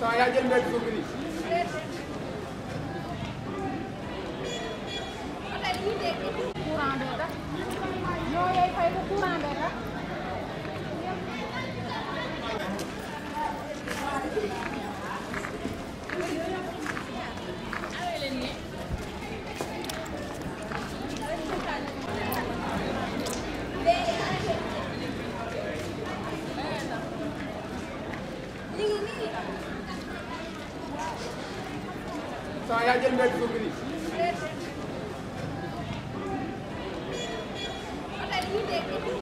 saa yaa jël mbéy fukki nii. courant bee tax ñoo yey fay ko courant bee tax saa yaa jël mbéy fukki nii.